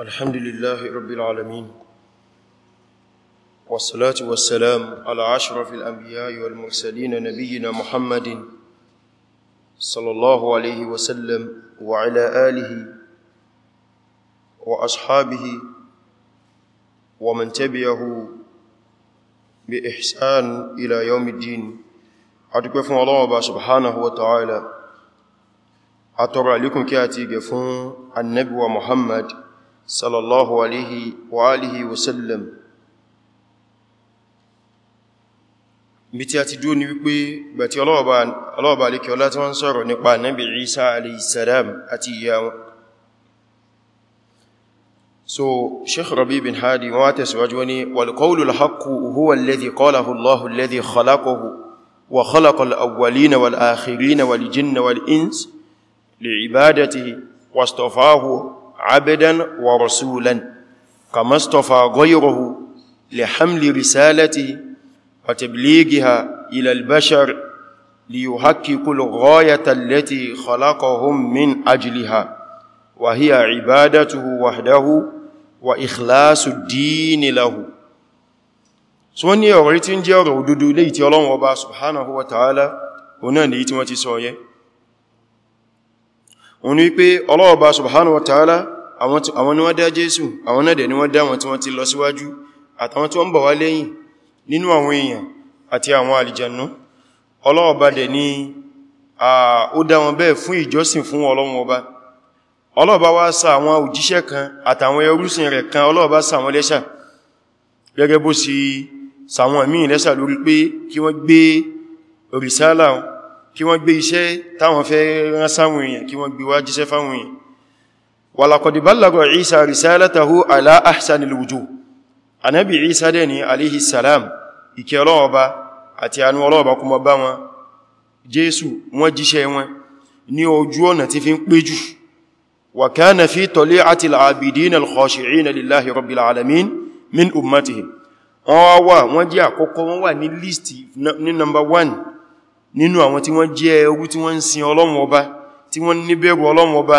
الحمد لله رب العالمين والصلاة والسلام على أشرف الأنبياء والمرسلين نبينا محمد صلى الله عليه وسلم وعلى آله وأصحابه ومن تبعه بإحسان إلى يوم الدين أتكفى الله سبحانه وتعالى أترى لكم كاتب جفون النبي محمد صلى الله عليه وآله وسلم bí tí a ti dúó ní wípé gbàtí ọlọ́ọ̀bá alékẹ́ ọlá tí wọ́n ń sọ̀rọ̀ nípa náàbì Isa alaihissalam àti ìyá wọn so Sheikh Rabi bin Hadi wọ́n tẹ̀síwájú wani wal qawlul haqqu huwa alladhi qalahu Allahu عبدا ورسولا كما اصطفى غيره لحمل رسالته وتبليغها إلى البشر ليحقق الغاية التي خلقهم من أجلها وهي عبادته وحده وإخلاص الدين له so wọ́n ní ọ̀rọ̀ tí ń jẹ́ ọ̀rọ̀ òdodo léyìí tí Ọlọ́run Ọba subhanahu wa ta'ala ọ̀nà ni tí wọ́n ti sọ yẹn wọ́n ní pé Ọlọ́run subhanahu wa ta'ala àwọn ni wọ́n dá Jésù àwọn náà dẹ̀ ni wọ́n dá wọn tí wọ́n ti lọ síwájú àtàwọn tí wọ́n bọ̀ wá lẹ́yìn nínú àwọn èèyàn àti àwọn àlìjànú Ọlọ́run dẹ̀ ni ó dá wọn bẹ́ẹ̀ fún ìjọsìn fún Ọlọ́run Ọba Ọlọ́run Ọba wá sa àwọn òjíṣẹ́ kan àtàwọn ẹrúsìn rẹ̀ kan Ọlọ́run Ọba sa wọn lẹ́ṣà gẹ́gẹ́ bó sì sa wọn míì lẹ́ṣà lórí pé kí wọ́n gbé òrìṣálà kí wọ́n gbé walaqad ballagha Isa risalatahu ala ahsanil wujuh Ànábì Isa dẹ̀ ni alayhi salam ìkẹ́ ọlọ́ọba àti àánú ọlọ́ọba kuma bá wọn Jésù wọ́n jíṣẹ́ wọn ní ojú ọ̀nà tí fi ń pé jù wa kana fi tali'atil abidina al-khashi'ina lillahi rabbil alamin min ummatihim wọ́n wà wọ́n jẹ́ àkọ́kọ́ wọ́n wà ní list ní number one nínú àwọn tí wọ́n jẹ́ ẹrú tí wọ́n ń sin Ọlọ́run tí wọ́n níbẹ̀rù Ọlọ́run ọba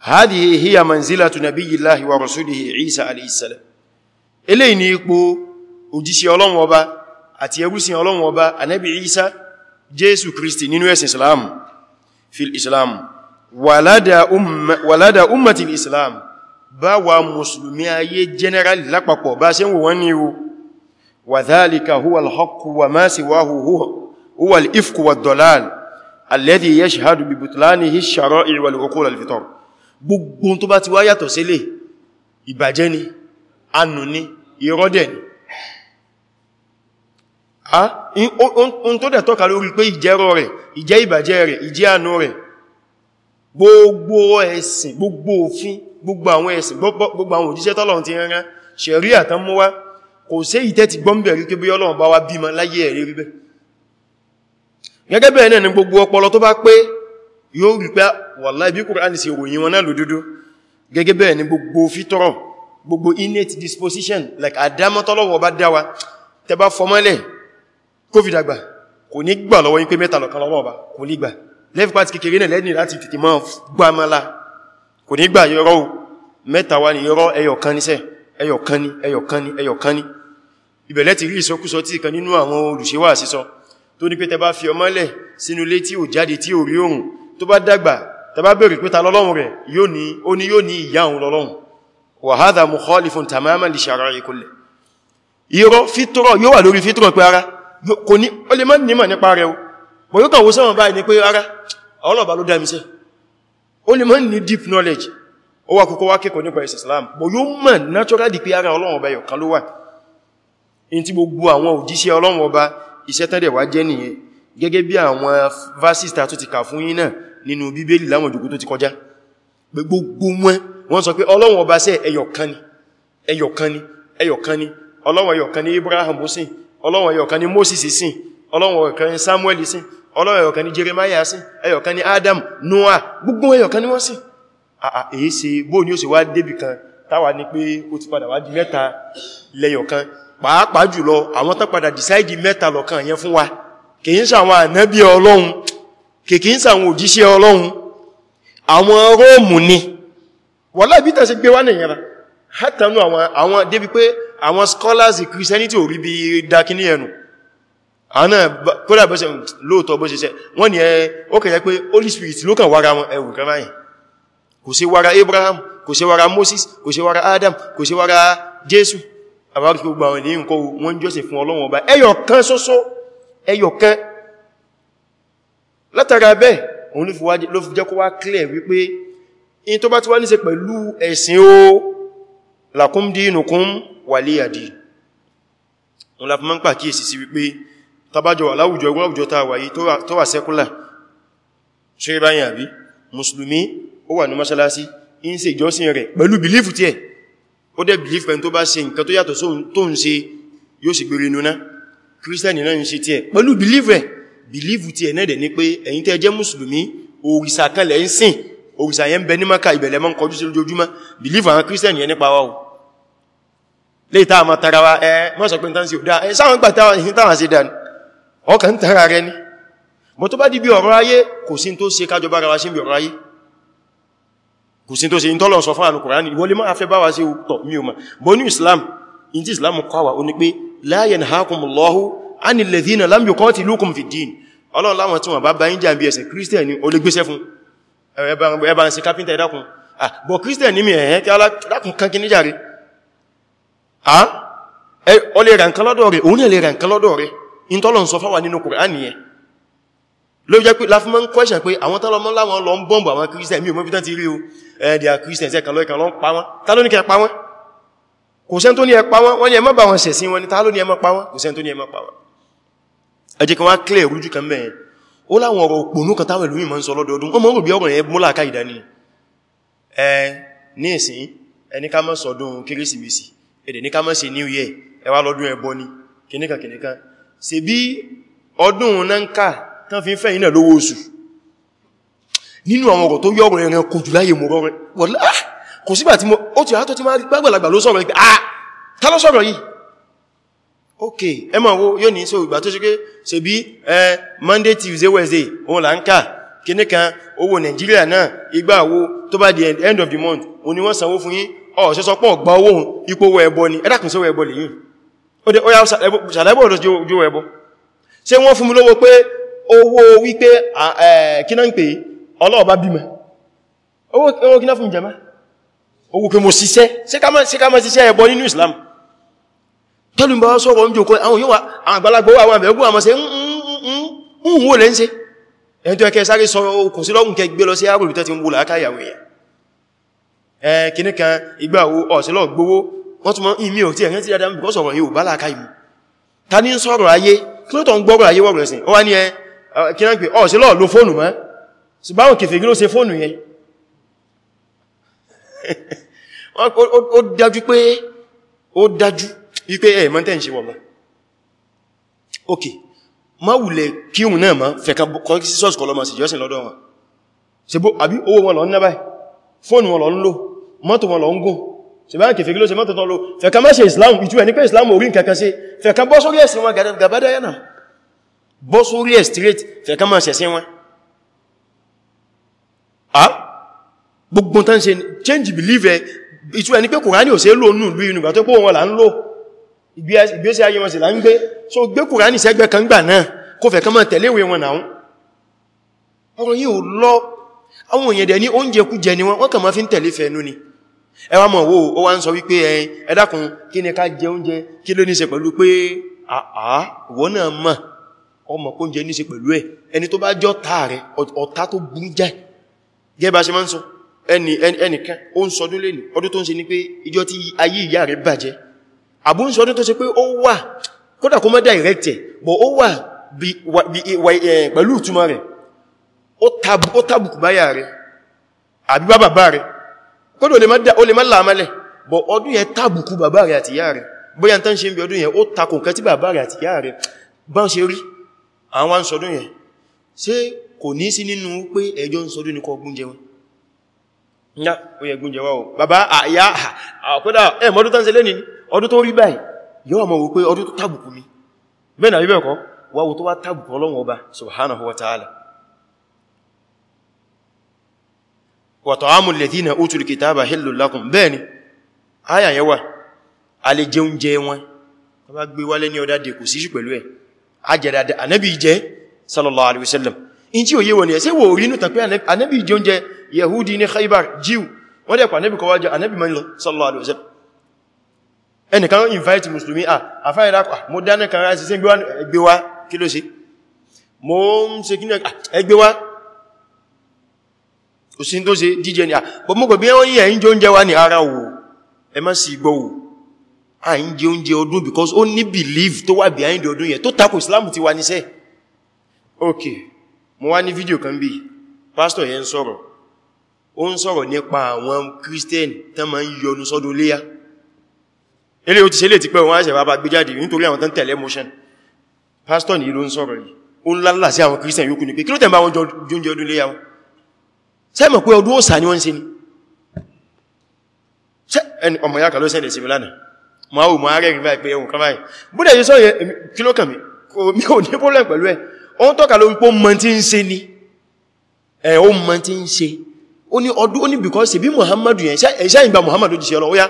هذه هي منزلة نبي الله ورسوله عيسى عليه السلام eléyìí ni ipò òjíṣẹ́ Ọlọ́run Ọba àti ẹrúsìn Ọlọ́run Ọba Ànábì Ìsá Jésù Kristi nínú ẹ̀sìn Islam fil Islam walada umma walada ummati Islam bá wa mùsùlùmí ayé general lápapọ̀ bá ṣe ń wọ́n ní o wa dhalika huwa al-haqq wa ma siwahu huwa al-ifku wa ad-dalal alladhi yashhadu bi butlanihi ash-shara'i wal-uqul al-fitar gbogbo tó bá ti wá yàtọ̀ sílé ìbàjẹ́ ni anù ni ìrọ́dẹ̀ ni a ohun tó dẹ̀ tọ́ka lórí pé ìjẹ́rọ rẹ̀ ìjẹ́ ìbàjẹ́ rẹ̀ ìjẹ́ anù rẹ̀ gbogbo ẹ̀sìn gbogbo òfin gbogbo àwọn ẹ̀sìn gbogbo àwọn òjíṣẹ́ tọ́lọ̀n ti rán ṣẹ̀rí àtán kò sí ìtẹ́ ti gbọ́m̀bẹ̀ gẹ́gẹ́ bẹ́ẹ̀ náà ni gbogbo ọpọlọ tó bá pé yóò rí pé wallahi bí Kùránì sí ìròyìn wọn náà lò dúdú gẹ́gẹ́ bẹ́ẹ̀ ni gbogbo fítọ́rọ̀ gbogbo innate disposition like àdámọ́tọ́lọ́wọ́ bá dáwa tẹba fọmọ́lẹ̀ covid àgbà kò ní gbà lọ́wọ́ yín pé mẹ́ta lọ̀kan lọ́wọ́ kò ní gbà left part kékeré náà lẹ́ni láti tètè mọ́ gbámọ́lá kò ní gbà yọrọ mẹ́ta wá ní yọrọ ẹyọkan níṣẹ́ ẹyọkan ní ẹyọkan ní ẹyọkan ní ibẹ̀lẹ́ ti rí ìsọkúsọ tí kan nínú àwọn olùṣèwà sísọ tó tó bá dàgbà tàbá bèèrè pé ta lọ́lọ́run rẹ̀ yóò ní ó ní yóò ní ìyá òun lọ́lọ́run wa hadha mukhalifun tamaman li shara'i kulli irọ́ fítọ́rọ̀ yóò wà lórí fítọ́rọ̀ pé ara kò ní ó lè má nímọ̀ nípa rẹ̀ o bọ̀ yóò kàwọ́ sọ́wọ́n báyìí ni pé ara ọlọ́ọ̀bá ló dámisẹ́ ó lè má ní deep knowledge ó wà kókó wá kẹ́kọ̀ọ́ nípa Islam bọ̀ yóò mọ̀ naturally pé ara Ọlọ́run ọba yọ̀kan ló wà in ti gbogbo àwọn òjíṣẹ́ Ọlọ́run ọba iṣẹ́ wá jẹ́ nìyẹn gẹ́gẹ́ bí àwọn verses tó ti kà fún yín náà nínú bíbélì láwọn ìjòkó tó ti kọjá gbogbo wọn wọ́n sọ pé ọlọ́run ọba sẹ́ ẹyọ̀kan ni ẹyọ̀kan ni ẹyọ̀kan ni ọlọ́run ẹyọ̀kan ni Abraham sìn ọlọ́run ẹyọ̀kan ni Moses sìn ọlọ́run ẹyọ̀kan ni Samuel sìn ọlọ́run ẹyọ̀kan ni Jeremiah sìn ẹyọ̀kan ni Adam Noah gbogbo ẹyọ̀kan ni wọ́n sìn èyí ṣe bóò ni ó sì wá débì kan táwa ni pé ó ti padà wá di mẹ́ta lẹ́yọ̀kan pàápàá jùlọ àwọn tó padà dìsáìdì mẹ́ta lọ́kan yẹn fún wa kìí ṣàwọn ànábí ọlọ́run kìkì ń sàwọn òjíṣẹ́ ọlọ́run àwọn róòmù ni wọ́n láìbí tàṣe gbé wá nìyànra hátànú àwọn débi pé àwọn scholars christianity ò rí bí dákíní ẹnu àánà kódà bọ́sẹ̀ lóòtọ́ bọ́sẹ̀ṣẹ́ wọ́n ni ẹ ó kẹ̀yẹ pé holy spirit ló kàn wára wọn ẹwù kan báyìí abraham kò sí moses kò sí adam kò sí wára jésù àbáríkì gbogbo àwọn ènìyàn kọ́ wọ́n jọ́sìn fún ọlọ́run ọba ẹyọ kan látara bẹ́ẹ̀ òun ló fi jẹ́ kó wá clear wípé in tó bá ti wá ní ṣe pẹ̀lú ẹ̀sìn o lakum dinukum waliyadi òun láfi máa ń pàkíyèsí sí wípé tabájọ aláwùjọ ẹgbọ́n àwùjọ ta wà yìí tó wà sẹ́kúlà ṣe báyìí àbí mùsùlùmí ó wà ní mọ́ṣálásí in ṣe ìjọsìn rẹ̀ pẹ̀lú bìlífù tí ẹ̀ ó dẹ̀ bìlífù náà ń ṣe tí ẹ̀ pẹ̀lú bìlífù rẹ̀ bìlífù ti ẹ̀nẹ́dẹ̀ ní pé ẹ̀yin tẹ́ jẹ́ mùsùlùmí òrìṣà kan lẹ́ ń sìn òrìṣà yẹn ń bẹ ní maka ìbẹ̀lẹ̀ mọ́ ń kọjú sí lójoojúmọ́ bìlífù àwọn kírísẹ̀nì yẹn nípa wa o lè tá àmà tara wa ẹ mọ́ sọ pé tánṣì ò dáa ẹ sáwọn gbà táwọn ìhìn táwọn sí dáni ọkàn tara rẹ ni mọ́ tó bá di bí ọ̀rọ̀ ayé kò sí tó ṣe kájọ bára wa sí bí ọ̀rọ̀ ayé kò sí tó ṣe ní tọ́lọ̀ Islam in Islam kọ́ wa o ní pé la yanhakumullahu ani alladhina lam yuqatilukum fid din ọlọ́run láwọn tí wọ́n bá bá yín jà bí ẹ̀sìn kírísítẹ̀ ni o lè gbéṣẹ́ fún ẹbà ń ṣe kápíntà ìdákun bọ̀ kírísítẹ̀ ní mi ẹ̀ẹ́ kí alákùn kan kí níjàre o lè ra nǹkan lọ́dọ̀ rẹ̀ òun lè ra nǹkan lọ́dọ̀ rẹ̀ in tọ́lọ̀ ń sọ fáwà nínú Kùránì yẹn jẹ́ pé láfí ń kọ́ṣẹ̀ pé àwọn tọ́lọmọ́ láwọn lọ ń bọ́m̀bù àwọn kírísítẹ̀ mi ò mọ́ bí tán ti rí o ẹ̀dẹ̀ kírísítẹ̀ ṣẹ́ kàlọ́ ìkàlọ́ ń pa wọ́n kò sẹ́n ní ẹ pa wọ́n wọ́n ní ẹ má bà wọn ṣẹ̀sìn ni ta ló ní ẹ má pa wọ́n kò sẹ́n tó ní ẹ má pa wọ́n ẹjẹ́ kan wá clear rújú kan mẹ́rin ó láwọn ọ̀rọ̀ òpònú kan táwọn ìlú yìí máa ń sọ lọ́dọọdún wọ́n mọ́ rò bí ọ̀rọ̀ yẹn múlà ká ìdání ẹ ní ìsìn ẹni ká mọ́ sọdún kérésìmesì èdè ní ká mọ́ ṣe new year ẹ lọ́dún ẹbọ ni kìníkan kìníkan ṣe bí ọdún náǹkà tán fi ń fẹ́ iná lówó oṣù nínú àwọn ọ̀rọ̀ tó yọ̀rọ̀ ẹran kò jù láyé mọ̀rọ̀ rẹ̀ wọ́lá mo ó ti àátọ́ ti máa gbàgbàlagbà ló ah ta ló sọ̀rọ̀ ok ẹ máa wo yóò ní so ìgbà tó ṣe pé ṣe bí ẹ monday tuesday wednesday òun là ń kà kíní kan owó nàìjíríà náà ìgbà wo tó bá di end of the month o ni wọ́n sanwó fún yín ọ̀ṣẹ́ sọ pọ̀ gba owó ipò owó ẹbọ ni ẹ́dàkùn sí owó ẹbọ lèyìn ó dé ọya ṣàlẹ́bọ̀ ọ̀dọ̀ jó ẹbọ ṣe wọ́n fún mi lówó pé owó wípé kíná ń pè ọlọ́ọ̀bá bímọ owó kíná fún mi jẹ́má owó pé mo ṣiṣẹ́ ẹbọ nínú Islam tọ́lùmbá sọ́rọ̀ ń jòkó àwọn yíwa àgbàlagbà àwọn àbẹ̀gbò àmọ́ sí ń wò lẹ́ ń se ẹni tó ẹkẹ sáré sọ okùn sí lọ́gùn kẹ gbé lọ sí àgbègbè tó ti ń wò láàkáyàwó ẹ̀ kìní kan ìgbàwó ọ̀sílọ̀ gbówó wọ́n tún mọ́ ìmí ò tí ẹ̀rẹ́ ti dáadáa bùkọ́ sọ̀rọ̀ yóò bá láàkáyì mú ta ní sọ̀rọ̀ ayé kí ló tọ́ ń gbọ́rọ̀ ayé wọ́rọ̀ ẹ̀sìn ó wá ní ẹ kí náà pé ọ̀sílọ̀ lo fóònù mọ́ ṣùgbọ́n kìfèrí ló ṣe fóònù yẹn ó dájú pé ó dájú wípé ẹ̀ mọ́ tẹ́ǹṣe wọ̀mọ́ ok ma wùlẹ̀ kírùn náà ma fẹ̀ka kọrí sí sọ́ọ̀sì kọlọmọ sí jọ́sìn lọ́dọ̀ wọn ṣe bó àbí owó wọn lọ ń nábàá fóònù wọn lọ ń lò mọ́tò wọn lọ ń gùn ṣe bá ń kèfèé kí ló ṣe mọ́tò tán lò fẹ̀ka má ṣe Islam ìjú ẹni pé Islam orí nǹkan kan ṣe fẹ̀ka bọ́ sórí ẹ̀sìn wọn gàbádá yánà bọ́ sórí ẹ̀ straight fẹ̀ka má ṣẹ̀sìn wọn a gbogbo tán ṣe change belief ẹ ìtú ẹni pé Kùránì ò ṣe lò nù lú inú ìgbà tó pọ̀ wọn là ń lò ìgbésí ayé wọn sì là ń gbé so gbé kùránì sẹ́gbẹ́ kan gbà náà kó fẹ́ kán mọ́ tẹ̀léwé wọn náà ọ̀rọ̀ yìí ò lọ àwọn èèyàn dẹ̀ ní oúnjẹ kú jẹ ni wọn wọ́n kàn máa fi ń tẹ̀lé fẹ́ẹ̀nú ni ẹ wá mọ̀ wó ó wá ń sọ wípé ẹ̀yin ẹ dákun kí ni ká jẹ oúnjẹ kí ló ní ṣe pẹ̀lú pé àá wọ́n náà mọ̀ ọmọ kó jẹ ní àbún sọdún tó ṣe pé ó wà kódà kó mọ́ dàìrẹ́kẹ̀ bọ̀ ó wà eh, eh, pẹ̀lú ìtumọ̀ rẹ̀ ó tàbùkù báyà rẹ̀ àbí bá bàbá rẹ̀ kódà ó lè má láàmálẹ̀ bọ̀ ọdún yẹn tàbùkù bàbá rẹ̀ àti yá rẹ̀ bóyá tán ṣe ń bí ọdún yẹn ó takò nǹkan tí bàbá rẹ̀ àti yá rẹ̀ bá ń ṣe rí àwọn sọdún yẹn ṣé kò ní sí nínú pé ẹjọ́ ń sọdún ní kọ gúnjẹ wọn ya ó yẹ gúnjẹ wá o bàbá àyá àkódà ẹ̀ tán ṣe lẹ́nìí ọdún tó rí báyìí yọ́ mọ̀ wípé ọdún tó tàbùkù mi bẹ́ẹ̀ náà bíbẹ̀ kọ́ wáwo tó wá tàbùkù ọlọ́run ọba subhanahu wa ta'ala wa ta'amul ladhina utul kitaba hillul lakum bẹ́ẹ̀ ni áyà yẹwà a lè jẹ oúnjẹ wọn tó bá gbé wálé ní ọdá dè kò síṣù pẹ̀lú ẹ̀ ajẹ́dàdà anábì jẹ́ sallallahu alaihi wasallam in tí òye wọn yẹ sí ẹnìkan invite musulmi ah afẹ́ ìdápa ah, mo dáná kan ráìsì sí ẹgbẹ́ wá kí ló ṣe mo ń ṣe kí ní ah, ẹgbẹ́ wá kò tó ṣe jíjẹ ni àpọ̀ ah, bí wọ́n yíyà oúnjẹ wá ní ara wò ẹ má sì gbọ́ wò à oúnjẹ ọdún belief Islam ti ok mo kan bí pastor o ilé o ti ṣe lè ti pẹ́ wọn àṣẹ̀wà bá gbé jáde nítorí àwọn tán tẹ̀lé motion pastor ni ìlú ń sọ̀rọ̀ yìí ó ń lálà sí christian yókù ní pé kí ló tẹ̀ bá wọn jóúnjẹ ọdún léyàwó sẹ́mọ̀ pé ọdún òsà ni wọ́n ń ṣe ni ọmọ ya kà ló sẹ́lẹ̀ sí milana ma ó ma rẹ̀ rìbá ìpé ohun kàmáyì búdẹ̀ yìí sọ́yẹ kí ló kàmí mi ò ní problem pẹ̀lú ẹ̀ ó ń tọ́ka lórí pé ó mọ se ń ṣe ni ẹ̀ ó mọ tí ń ṣe ó ní ọdún ó ní because bí Muhammadu yẹn ṣáyìnbá Muhammadu jíṣẹ́ ọlọ́wọ́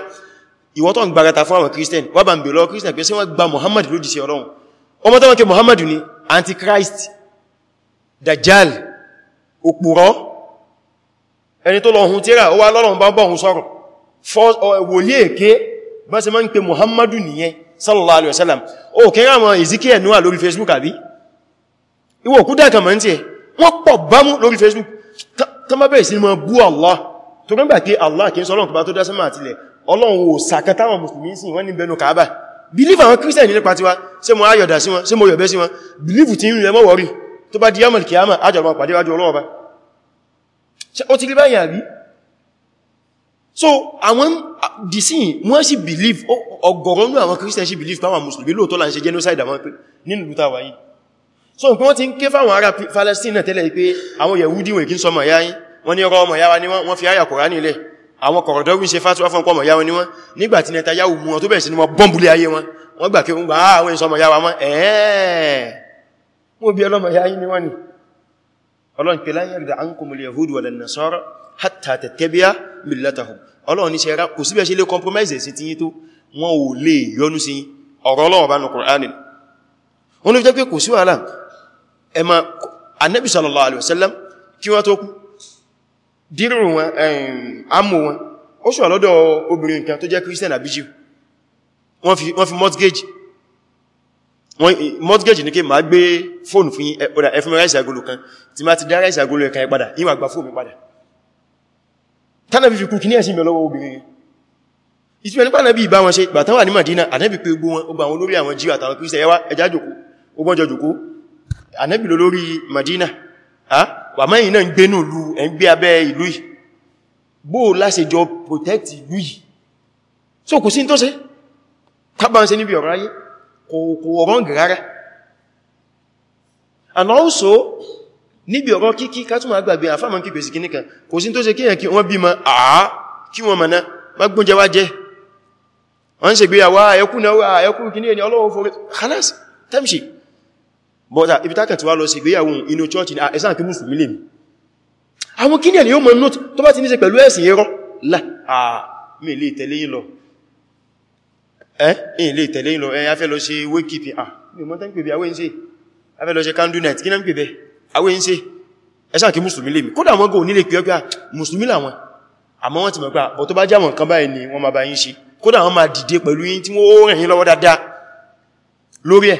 ìwọ tó ń gbarata fún àwọn christian wà bá ń bèèrè lọ christian pé sí wọ́n gba muhammad lòdì sí ọlọ́run ọmọ tó wọ́n kí muhammad ní antichrist dajjal òpùrọ́ ẹni tó lọ́hun tíra ó wá lọ́rùn bá bọ́hun sọ́rọ̀ wòlé èké muhammadu nìyẹn sallallahu alaihi wasallam ó kí rá àwọn ezekiel níwà facebook àbí ìwọ òkúdà kàmọ́ ní tí ẹ wọ́n facebook tó má bẹ̀rẹ̀ bú allah tó gbẹ́gbà pé allah kìí sọ́lọ́n tó bá tó dá sánmà àtilẹ̀ ọlọ́run ò sàkẹ táwọn mùsùlùmí sí wọ́n ní bẹnu kàábà believe àwọn christian ní nípa tiwa ṣé mo ayọ̀dà sí wọn ṣé mo yọ̀bẹ́ sí wọn believe tí ń rẹ mọ́ wọ́rí tó bá di yamal kiyama ajọ̀rọ̀ pàdé wájú ọlọ́run ọba ó ti rí báyìí àbí so àwọn dìsìn wọ́n sì believe ọgọ̀rọ̀nú àwọn christian sì believe pàwọn mùsùlùmí lóòtọ́ là ń ṣe genocide àwọn pé nínú ìlú tàwà yìí so nǹkan wọ́n ti ń ké fáwọn ará Palestine tẹ́lẹ̀ pé àwọn yẹ̀wúdí wọ̀n kí ń sọmọ̀ yáyín wọ́n ní ọrọ̀ ọmọ yáwa ni wọ́n fi áyà Kùránì nílẹ̀ àwọn kọ̀rọ̀dọ́wì ṣe fàtíwá fún ọmọ yáwọn ní wọ́n nígbàtí nẹta yáwò mú wọn tó bẹ̀rẹ̀ sí ní wọ́n bọ́m̀bùlé ayé wọn wọ́n gbà kí wọ́n gbà ah, àwọn ìṣọ́mọ yáwà mọ́ ẹ̀ẹ́ mú bí ọlọ́mọ yáyí ni wọ́n ni ọlọ́run pè láyé rẹ̀ an kùmùlẹ̀ yahudu wà lẹ́nà sọ́rọ̀ hátà tẹ̀tẹ́bíá millatahum ọlọ́run ní ṣe rá kò síbẹ̀ ṣe lè compromise sí ti kí wọ́n tó kú dírù wọn àmú wọn ó ṣùwà lọ́dọ̀ obìnrin kan tó jẹ́ christian abijiu wọ́n fi mortgage wọ́n mortgage ní kí ma gbé fóònù fún ọ̀dà ẹfún ráìsì agolo kan tí ma ti dá ráìsì agolo ẹ̀kan ìpadà ìwà gba fóònù padà tánàbí fi kú kí ní ẹ̀sìn mẹ́ lọ́wọ́ obìnrin ìtìmẹ̀ nípa náà Madina ànẹ́bì pé gbogbo wọn ọgbà àwọn olórí àwọn jíwà àtàwọn kìí ṣe ẹwà Madina ha wà mẹ́yìn náà ń gbé nù lú ẹ̀ ń gbé abẹ́ ìlú yìí bó láṣẹjọ protect ìlú yìí so kò sí tó ṣe kábà ń ṣe níbi ọ̀rọ̀ ayé kò wọ́n gẹ̀rẹ́ and also níbi ọ̀rọ̀ kíkí kátùmọ̀ agbàgbé àfáàmọ́ kíkẹ̀ sí kíníkan kò sí tó ṣe kíyàn kí wọ́n bí ma àá kí wọ́n mọ̀ná má gbóúnjẹ wá jẹ́ wọ́n ń ṣègbéyàwó ẹkùn náà ẹkùn kìíní ẹni ọlọ́wọ́ fọ́rẹ́ khalas tamshi bọ́ta uh, ibi tákà tí wá lọ sí ìgbéyàwó church ni uh, ẹ̀sán kí mùsùlùmí lè mi àwọn kí ní ẹ̀lẹ́ yóò mọ̀ note tó bá ti ní ṣe pẹ̀lú ẹ̀sìn ẹ̀rọ láàmì lè tẹ̀lé yín lọ ẹ̀ lè tẹ̀lé yín lọ ẹ̀ afẹ́ lọ ṣe wakekeeping ah mi mọ́ tán pèbẹ̀ awẹ́ ń a afẹ́ lọ ṣe candle night kí náà pèbẹ̀ awẹ́ ń ṣe ẹ̀sán kí mùsùlùmí lè mi kódà wọn gò nílé pẹ́ọ́pẹ́ mùsùlùmí làwọn àmọ́ wọn ti mọ̀ pé àbọ̀ tó bá já wọn kan báyìí ni wọ́n ma bá yín ṣe kódà wọn ma dìde pẹ̀lú yín tí wọ́n ó rìn yín lọ́wọ́ dáadáa lórí ẹ̀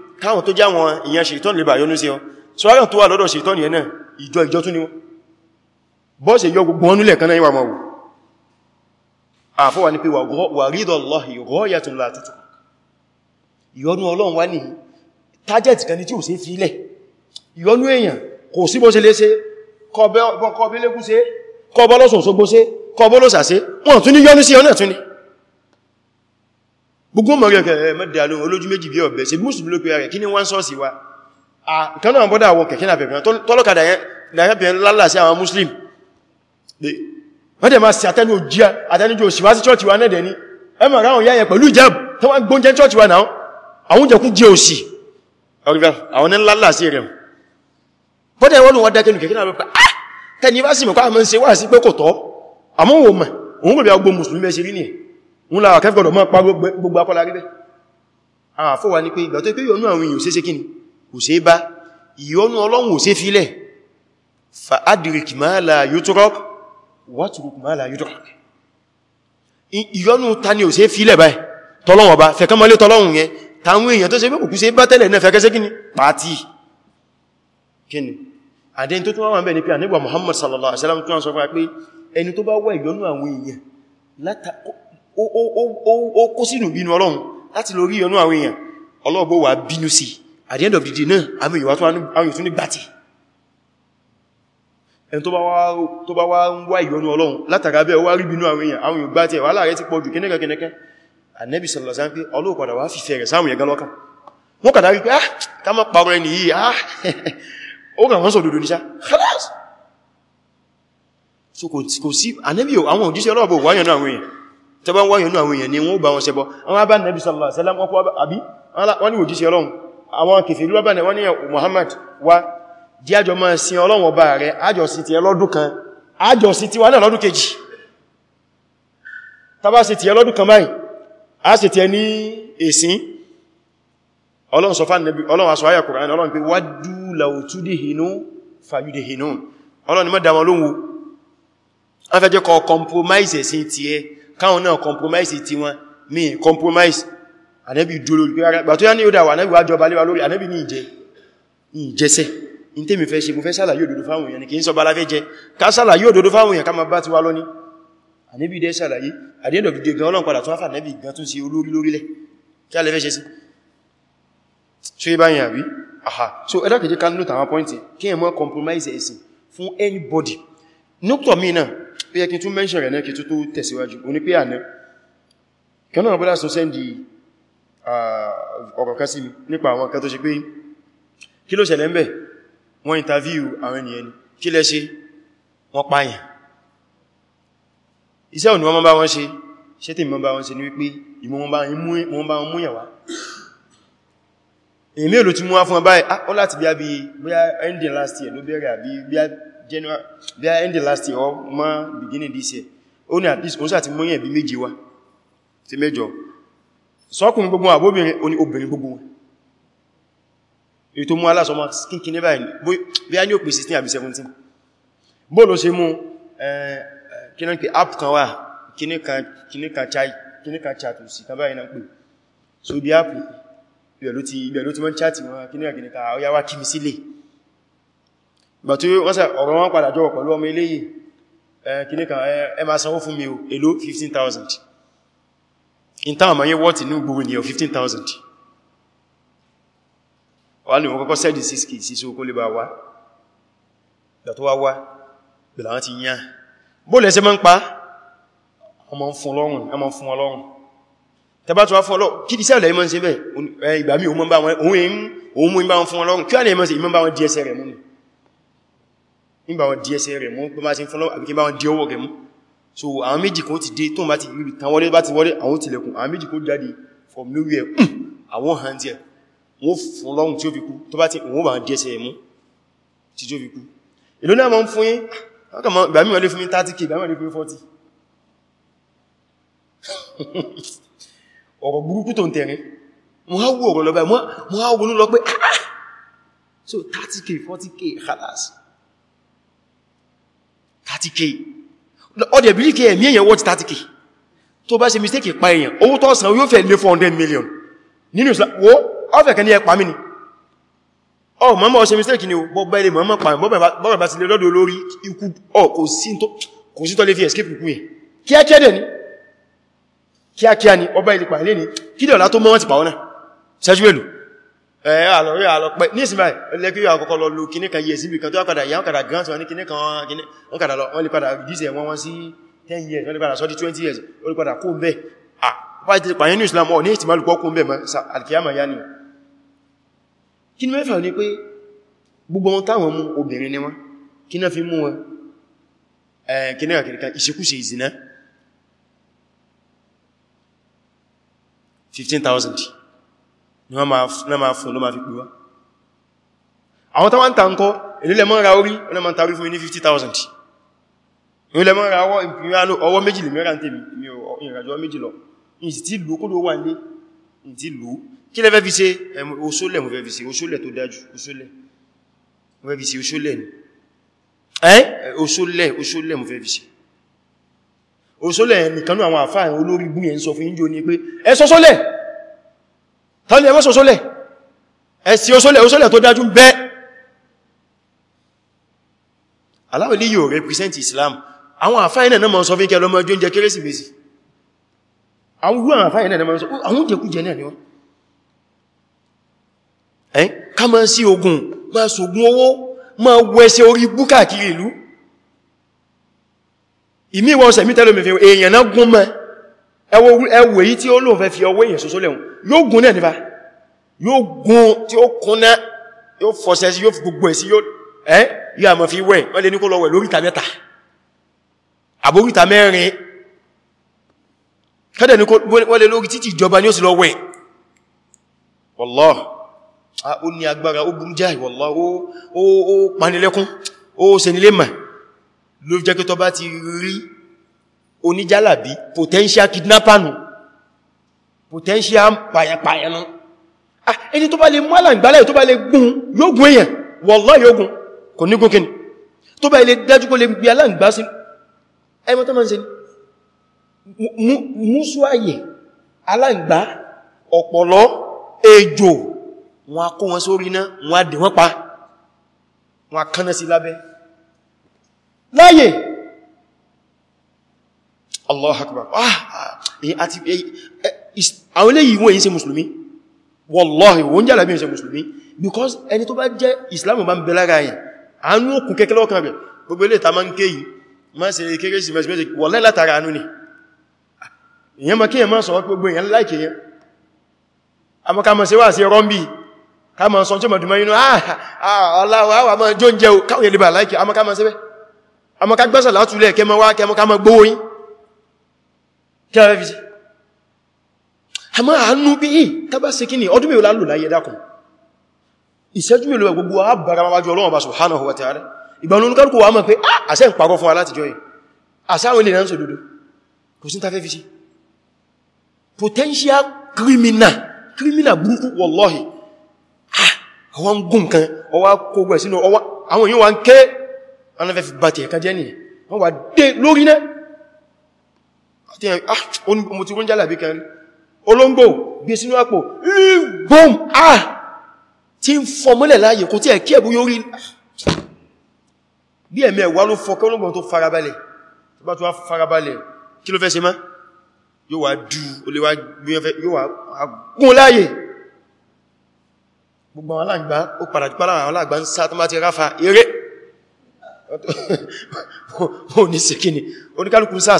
káwọn tó jáwọn ìyẹn ṣètọ́n lè bà yọ́nú sí ọ so ara tó wà lọ́dọ̀ ṣètọ́n yẹn ìjọ ìjọ tún ni wọ́n bọ́ ṣe yọ gbogbo ọnúlẹ̀ kan náà yíwa mọ̀ wò àfọ́wà ní pé wà rídọ̀ lọ́hì rọ́yàtún látútù ìyọnú ọlọ́run wá ní tájẹ̀tì kan ní tí ò sí fílẹ̀ ìyọnú èèyàn kò sí bó ṣe léṣe kọbẹ́lẹ́kú ṣe kọbọ́lọ́sọ̀ọ́sọ́gbó ṣe gbogbo mọ̀ rẹ̀ rẹ̀ mẹ́dà lóhun olójú méjì bí ọ̀bẹ̀ ṣe mùsùlùmí ló pé rẹ̀ kí ní wọ́n sọ́ọ̀sì wa kan náà bọ́dá àwọn kẹ̀kẹ́ nàbẹ̀bẹ̀ tọ́lọ́kadà yẹn nàbẹ̀bẹ̀ lálà sí àwọn muslim wọ́n dẹ̀ máa sí àtẹ́lú òjíà àtẹ́lújò òsìwásí chọ́ọ̀tì wa nẹ́dẹ̀ ní ẹmọ̀ ráhùn yáyẹ pẹ̀lú ìjáb tó wá gbóúnjẹ chọ́ọ̀tì wa náà àwọn jẹ́kú jẹ́ òsì ọ̀rìbẹ̀ àwọn ní lálà sí rẹ̀ bọ́dẹ̀ wọ́n wọ́n dákẹ́nu kẹ̀kẹ́ náà ah! tẹ́ni bá sì mọ̀ ń lára kẹfẹ́gọ̀dọ̀ mọ́ pa gbogbo akọ́lá rí bẹ́ àfọ́wà ní pé ìgbàtọ́ pé yọnú àwọn èèyàn ṣeéṣe kíni kò ṣe bá ìyọnú ọlọ́run ò ṣe fílẹ̀ fa adrik ma la yutrok watruk ma la ni ò ṣe fílẹ̀ báyìí tọ́lọ́run ọba fẹ̀kẹ́ mọ́lé tọ́lọ́run yẹn táwọn èèyàn tó ṣe pé kò ṣe bá tẹ́lẹ̀ náà fẹ́kẹ́ Muhammad sallallahu alaihi wasallam tún wọ́n sọ fún wa pé ẹni tó bá ó kó sínú bínú ọlọ́run láti lórí ọnú àwọn èèyàn ọlọ́ọ̀bọ̀ wà bínú sí at the end of the day náà àwọn èèyàn tún ní gbàtì ẹni tó bá wá ń wá ìyọnú ọlọ́run látàrà bẹ́ẹ̀ wá rí bínú àwọn èèyàn àwọn èèyàn gbàtì wà láàrẹ ti pọ̀jù kẹ́nẹ́kẹ́ Ànábì sallallahu alaihi wasallam pé Ọlọ́run padà wá ah ká má ah ó kà wọ́n sọ̀dọ̀dọ̀ so kò sí Ànábì àwọn òjíṣẹ́ Ọlọ́run wáyàn náà wọ́n tó bá ń wáyẹ̀ ní àwọn èèyàn ni wọ́n bá wọn ṣẹbọ àwọn bá nẹ́bí sallallahu alaihi wasallam àbí wọ́n ni òjíṣẹ́ ọlọ́run àwọn kèfèrí wọ́n bá nẹ́ wọ́n ni Muhammad wá jí àjọ máa sin ọlọ́run ọba rẹ̀ àjọ sí ti ẹlọ́dún kan àjọ sí ti wà náà lọ́dún kejì tàbá sí ti ẹlọ́dún kan báyìí a sì ti ẹ ní káwọn náà compromise ti wọn mi compromise ànábì dúró lórí ara gbà tó yá ní ó dáwà ànábì wájọba léwa lórí ànábì ní ìjẹ ìjẹsẹ̀ in tèmi fẹ́ ṣe mú fẹ́ sàlàyé òdodo fáwọn èèyàn kì í sọ balafẹ́ jẹ ká sàlàyé òdodo fáwọn èèyàn ká ma bá ti wá lọ ní ànábì dẹ́ sàlàyé àdíẹ̀dọ̀ fìdí gan ọlọ́n padà tún áfà ànábì gan tún sí olórí lórílẹ̀ kí a lè fẹ́ ṣe sí so ibá yìí àbí aha so ẹ̀dá kìí ká nínú tàwọn pọ́ìntì kí ẹ mọ́ compromise ẹ̀sìn fún anybody nukto mi ó yẹ kí tún mention rẹ̀ náà kí tún tó tẹ̀síwájú o ní pé àná kanáà bọ́lá sọ sẹ́ndì ah, ọ̀rọ̀ kan sí mi nípa àwọn kan tó ṣe pé kí ló ṣẹlẹ̀ ń wọ́n interview àwọn ènìyàn ni kí lẹ́ ṣe wọ́n pààyàn iṣẹ́ òní wọ́n bá wọ́n ṣe ṣe tí mọ́n bá wọ́n ṣe ní wípé ìmọ̀ wọ́n bá wọ́n múyàn wá èmí èlò tí mú wá fún ọba ah, ẹ̀ ó láti bí i ending last year ló bẹ̀rẹ̀ àbí January they are end the last year or ma beginning this year ó ní at least ó ṣá ti mú yẹn bí méjì wá ti mẹ́jọ sọ́kùnrin gbogbo àbóbìnrin ó ní obìnrin gbogbo wọn èyí tó mú aláṣọ ma kíkí ní báyìí bí a ní òpin 16 àbí 17 bóòlù ṣe mú eh, kíní pé app kan wà kíní kan chatù sí kan báyìí na pè so bí app ibẹ̀ ló ti mọ́ chatì wọn kíní kan kíní kan ó yá wá kí mi sílé bàtí rọ́sà ọ̀rọ̀ wọn padà jọ pẹ̀lú ọmọ ilé yìí kìní kan ẹ máa sanwó fún mi o èló 15,000 in táwọn ma yẹ wọ́tí ní gbogbo ènìyàn 15,000 wà ní ọkọ̀kọ́ sẹ́dì síkì sí sí okó lè bá wá dàtọ́ wá wá pẹ̀lú àwọn ti yá bóòlẹ̀ ṣe máa ń pa ọmọ fún ọlọ́run ọmọ fún ọlọ́run tẹbátọ̀ wá fún ọlọ́run kí di sẹ́lẹ̀ ìmọ̀ sí bẹ̀ ìgbàmí òun mọ́ bá wọn òun mú ìbá wọn fún ọlọ́run kí wà ní ìmọ̀ sí ìmọ̀ bá wọn díẹ̀sẹ̀ rẹ̀ múnì nígbà wọn di ẹsẹ̀ rẹ̀ mú pé máa ṣe ń fún lọ́wọ́ àbíkí bá wọn di ọwọ́ rẹ̀ so àwọn méjì kan ti dé tó bá ti rí tán wọlé bá ti wọlé àwọn tilẹ̀kùn àwọn méjì kó jáde from nowhere àwọn hàn díẹ̀ wọ́n fún lọ́rùn tí ó fi kú tó bá ti wọ́n bá di ẹsẹ̀ mú tí ó fi kú èlò náà máa ń fún yín ìgbà 30k ìgbà mí wọlé fún mi 40 ọ̀rọ̀ burúkú tó ń tẹ̀rin mo á wò ọ̀rọ̀ lọ báyìí ah, ah. so 30k 40k khalas 30k ọdẹ̀ believe líkẹ́ me èyàn wọ́n 30k tó bá ṣe mistake pa èyàn owó tó san yóò fẹ́ lé 400 million nínú Islam wo ọfẹ́ kan ní ẹpa mí ni ọ mọ́mọ́ ṣe mistake ni bọ́bá ilé mọ́mọ́ pa bọ́bá bá ti lè Oh, olórí ikú ọ kò sí tó lè fi escape ikú yẹn kíákíá dẹ̀ ni kíákíá ni ọba ilé pa ilé ni kí àlọ́rí àlọ́pẹ́ ní ìsinmi lẹ́kí yóò àkọ́kọ́ lọ lo kìní kan yẹ síbi kan tó àkàdà yà ń kàdà grant wọn ní kìní kan wọ́n kàdà lọ wọ́n lè padà reduce ẹ̀wọ̀n wọn sí 10 years wọ́n lè padà sọ di 20 years wọ́n lè padà kó ń bẹ́ pàyẹ ní Islam ní ìtìmá lùpọ̀ kó ń bẹ́ alkiyama yá ni kí ni mẹ́fà ní pé gbogbo wọn táwọn mú obìnrin ni wọn kí náà fi mú wọn kìní kan kìníkan ìṣekúṣe ìzìnà 15,000 ni wọ́n máa fún ló máa fi pè wá àwọn tó wá ń ta ń kọ́ ilẹ̀ mọ́ ra orí wọ́n máa tàbí fún ní 50,000 ilẹ̀ mọ́ ra ọwọ́ méjì lè mẹ́ra tèmi ìrìnàjò méjì lọ ìyìn tí lò kó ló wà ní ìyìn tí lò kí lẹ́fẹ́ fi ṣe oṣólẹ̀ mo fẹ́ fi ṣe oṣólẹ̀ tó dájú oṣólẹ̀ mo fẹ́ fi ṣe oṣólẹ̀ ni ẹ́ oṣólẹ̀ oṣólẹ̀ mo fẹ́ fi ṣe oṣólẹ̀ nìkanú àwọn àfáà olórí bú yẹn tọ́lẹ̀ ẹmọ́ sọ́sọ́lẹ̀ ẹ̀sì òsọ́lẹ̀ òsọ́lẹ̀ tó dájú bẹ́ aláwọ̀ ilé yóò represent Islam àwọn àfáìnà náà mọ́ sọ fíkẹ́ lọ́mọ ẹjọ́ jẹ kérésìmesì àwọn àfáìnà náà mọ́ sọ àwọn jẹkú jẹ náà ni wọ́n ẹ́ ká máa sí ogun máa sògùn owó máa wẹsẹ orí búkà kiri ìlú ìmí ìwọ̀n sẹ̀mí tẹ́lómi fi èèyàn náà gún mẹ́ ẹwọ̀ èyí tí ó lóun fẹ́ fi ọwọ́ èèyàn sọ́sọ́lẹ̀ hùn yóò gún náà nípa yóò gún tí ó kúnná yóò fọ́sẹ̀ sí yóò fi gbogbo ẹ̀ sí yóò àmọ́ fi wẹ̀ wọ́n lè ní kó lọ wẹ̀ lóríta mẹ́ta àbóríta mẹ́rin kẹ́dẹ̀ ní wọ́n lè lórí títí ìjọba ní ó sì lọ wẹ̀ wallah ó ní agbára ó burú jáì wallah ó panilẹ́kún ó ṣe nílé mà ló potential kidnapper nù potential pàyàpàyànú ah ẹni tó bá lè mú alàǹgbálẹ̀ tó bá lè gún yóò gun. èyàn wallahi yóò gún kò ní gún kíni tó bá lè dájú kó lè gbí alàǹgbá sí ẹmọ tó máa ń ṣe múṣú ayẹ̀ alàǹgbá ọ̀pọ̀lọ́ ejò wọn kó wọn sórí iná wọn dè wọ́n pa wọn kánná sí lábẹ́ láyé Allah akbar ah ati ah, àti àwọn eléyìí wọ́n yìí ṣe mùsùlùmí wallahi wọ́n jẹ́ alábí ṣe mùsùlùmí because ẹni tó bá jẹ́ islamu bá ń bẹ lára yẹn àánú òkun kẹ́kẹ́lẹ́ ọkàn rẹ̀ gbogbo ilé ta ma ń ké yìí ma ṣe kérésìmẹ́sì méjì wallahi látara àánú ni èyàn ma kíyàn máa sọ̀rọ̀ gbogbo èyàn láìkè yẹn àmọ́ ká ma ṣe wà sí rọ́mbì ká ma sọ tí ma dùnmọ́ inú ah, ah, aláwọ̀ ma jó ń jẹ́ káwọn yẹn lè bà láìkè àmọ́ ṣe àmọ́ àánú bí i tàbá sí kí ní ọdún mẹ́wàá lálò láyé dákùn ìṣẹ́jú mẹ́lò gbogbo àbára wájú Ọlọ́run bá subhanahu wa ta'ala ìgbàlú olúkálùkù wà mọ̀ pé ah, àṣẹ ń parọ́ fún wa láti jọyìn àṣẹ àwọn ilẹ̀ náà sòdodo potential criminal criminal burúkú wallahi ah, àwọn gùn kan ọwá kogbo sínú ọwá àwọn yíò wá ń ké anáfẹ́ fi bàtẹ̀ ẹ̀ka ah mo ti rún jálàbí kan rí olóngbò gbé sínú àpò boom ah tí ń fọmọ́lẹ̀ láàyè kò tí ẹ̀ kí ẹ̀bú yóò rí bí ẹ̀mẹ́ wà ló fọ́kẹ́ olóngbò tó farabalẹ̀ tó bá tó wá farabalẹ̀ kí ló fẹ́ ṣe má yóò wá dú oléwà gún láàyè gbogbo àwọn aláàgbà ó padà jù pálà sáà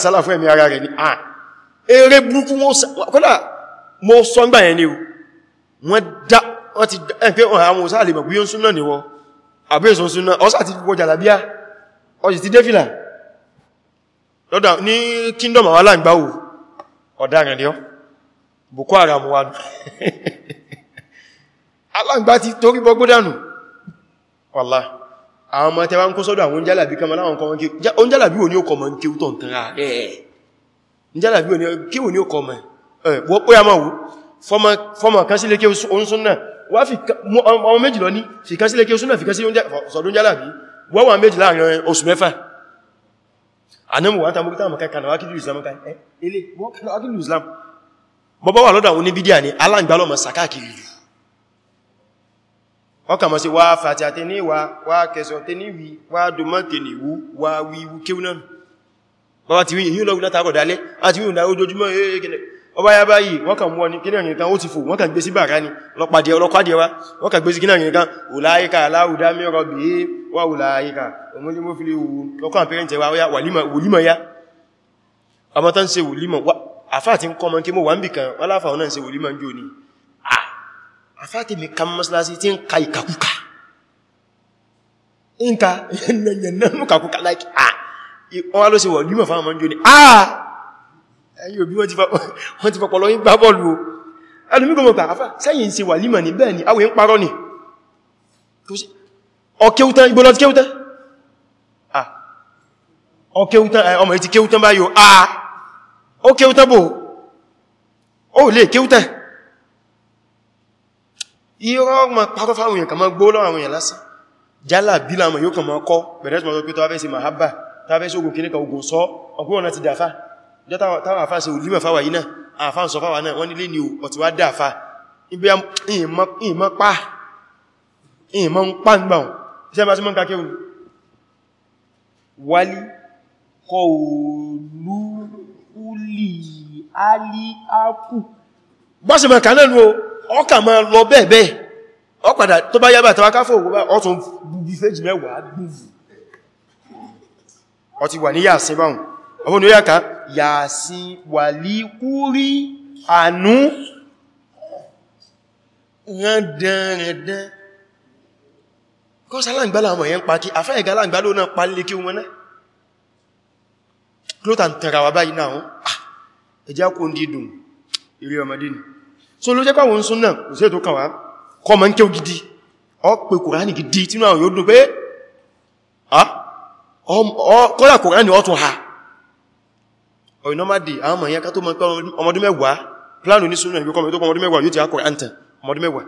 sálà fún ẹ̀mí ara rẹ̀ ni à ah! eré burúkú wọn kọ́lá mo sọ ńgbà yẹn ni o wọ́n dá wọ́n ti ẹgbẹ́ ọ̀rọ̀ àwọn òsá àlèmọ̀ bí ó ń súnà ní wọ́n àbẹ́sùn súnà ọ́sá ti wọ jàlàbíà ọjì ti défìlà lọ́dà ní kingdom àwọn aláǹgbáwò ọ̀daràn ni ọ́ Boko Haram wà nù aláǹgbá ti torí bọ́gbó dànù wàlá àwọn ọmọ tẹwà ń kó sọ́dọ̀ àwọn jálàbí kan láwọn kan jálàbí wo ni kí ó tọ̀ ń tán ààrẹ jálàbí wo ni ó kọmọ Eh, wọ́n pé a máa wú fọ́mọ̀ kan sí lékè oún súnnà wá fi ọmọ méjì lọ ní fi kan sí lékè súnnà fi kan sí sọ̀dún jálà bí wọ́n wà méjì láàrin oṣù mẹ́fà anẹ́mù wọ́n tàbí tàbí kankan wá kílù islam kan ẹ́ ilé wọ́n kankan wá kílù islam bọ́bọ́ wà lọ́dọ̀ àwọn oníbídíà ní aláǹgbálọ́mọ̀ sàkáàkiri ọkà mọ̀ sí wá fàtí àti ní wà wá kẹsọ̀ tẹ ní wí wá dùmọ́ tẹ ní wú wá wíwú kéwú náà bọ́bá ti wí yíò lọ́gbọ́n látàrọ̀ dálẹ́ àti wíò náà ojoojúmọ́ ẹ̀ẹ́gẹ̀ẹ́ eh, eh, ọba ya báyìí wọ́n kàn mọ́ ní kí náà nìkan ó ti fò wọ́n kàn gbé sí bàrá ní lọ́pàdé ọlọ́pàdé wá wọ́n kàn gbé sí kí náà nìkan òláyíká aláhùdá mẹ́rọ bí i wà òláyíká òmúlímọ́fílẹ̀ lọ́kàn pẹ́rẹ́ntẹ̀ wá wòlímọ̀ ya ọmọ tán ṣe wòlímọ̀ àfáà ti ń kọ́ mọ́ kí mo wà ń bì kan wọ́n láfàá náà ṣe wòlímọ̀ ń jò ní àfáà ti mi ka mọ́sálásí tí ń ka ìkàkùkà ń ka yẹnnẹ̀yẹnnẹ̀ mú kàkùkà láìkì ah wọ́n ló ṣe wòlímọ̀ fáwọn mọ́ ń jò ní ah ẹ̀yìn òbí wọ́n ti fọpọlọ yín gbá bọ́ọ̀lù o alùmígbò mọ̀ pàáfà sẹ́yìn ń ṣe wà límọ̀ ní bẹ́ẹ̀ ni awẹ́ ń parọ́ ni ọkéútán igbó lọ́ti kéútán ọkéútán ọmọ ìtì kéútán báyò àà ó kéútán bò ó lè kéútán irọ́ ma parọ́ fáwọn èèyàn kà mọ́ gbó lọ́wọ́ àwọn èèyàn lásán jálà bí láàmù yóò kàn mọ́ Wali àfáà sí olímọ̀ fáwà yìí náà àfáà sọ fáwà náà wọ́n nílé ni ò ti wá dáàfà ibi ìmọ̀ pa ìmọ̀ ń pa ń gbà ṣe bá tí mọ́ ń kakẹ́ wálí kọlúulì alíápù bọ́sì mọ̀ kanáà ní ọkà mọ́ lọ bẹ́ẹ̀bẹ́ ọpàdà tó bá yábà ni ó yà ká yàásí wàlíkúrí ànú rẹ̀dẹ̀rẹ̀dẹ̀ kọ́sá láǹgbà láàmọ̀ yẹn pàtí àfẹ́ẹ̀gá láǹgbà ló náà palẹ̀ kí wọn náà klóta ń tẹ̀rà wà báyìí náà ẹjá kó ń dídùn ìrí ọmọdé ni so ló jẹ́ pàwọn súnnà kò sí ètò kàwà kọmọ ń kẹ́ gidi ọ pé kòránì gidi tínú àwọn yóò dùn pé kọ́lá kòránì ọ tún ha or normal day àwọn ọmọ ìyẹn ká tó mọ́ pé ọmọdún mẹ́wàá plánù ní súnmọ̀ ìgbẹ́kọ́ ọmọdún ọmọdún mẹ́wàá yóò ti akọ̀ àǹtẹ̀ ọmọdún mẹ́wàá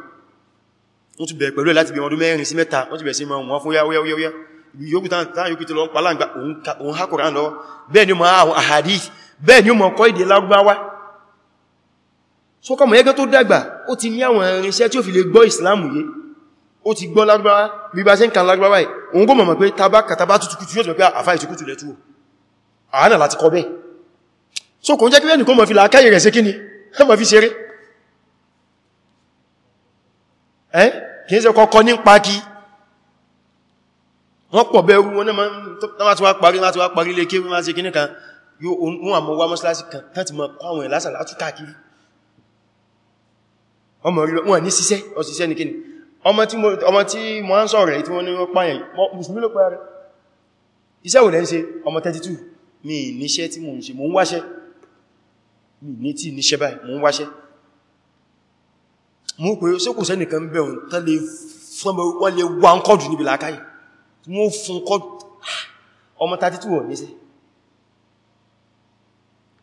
wọ́n ti bẹ̀rẹ̀ pẹ̀lú ẹ̀ láti bí ọmọdún mẹ́rin sí mẹ́ta wọ́n ti bẹ̀rẹ̀ sí mọ́ wọn fún yáwóyáwóyá yóò tán tán yóò kìtì lọ ń pa láǹgbà òun ha kòrán lọ bẹ́ẹ̀ ni mọ́ àwọn àhàdí bẹ́ẹ̀ ni mọ́ kọ́ ìdè lárúbáwá sókọmọ̀ yẹ́gẹ́ tó dàgbà ó ti ní àwọn irinṣẹ́ tí ó fi lè gbọ́ ìsìláàmù yé ó ti gbọ́ lárúbáwá bí bá ṣe ń kan lárúbáwá òun gó mọ̀ pé tabakataba tutukutu yóò ti mọ̀ pé ah, àfá ìtukútu lẹ́túwò àánà láti kọ bẹ́ẹ̀ so kò jẹ́ kí ẹnìkan mọ̀ fi làákàyè rẹ̀ sí kí ni ẹ mọ̀ fi ṣeré ẹ́ kìí ṣe kọ́kọ́ ní pàkí wọ́n pọ̀ bẹ̀rù wọn náà tí wá parí láti wá parí lé kéwọ́n láti kíní kan yóò ohun àmọ́ wá mọ́sílásí kan láti mọ̀ kọ́ àwọn ìlásà látú káàkiri ọmọ rí wọn ní ṣiṣẹ́ ọ̀ṣiṣẹ́ ní kíni ọmọ mi níṣẹ́ tí mo ń mi ní tí níṣẹ́ báyìí mú wáṣẹ́ mú pé ó sókò sẹ́nìkan ń bẹ̀rùn tán lè wọ́n lè wá ń kọ́dù níbi làákàyè mú fún kọ́dù ah, ọmọ 32 wọ̀n níṣẹ́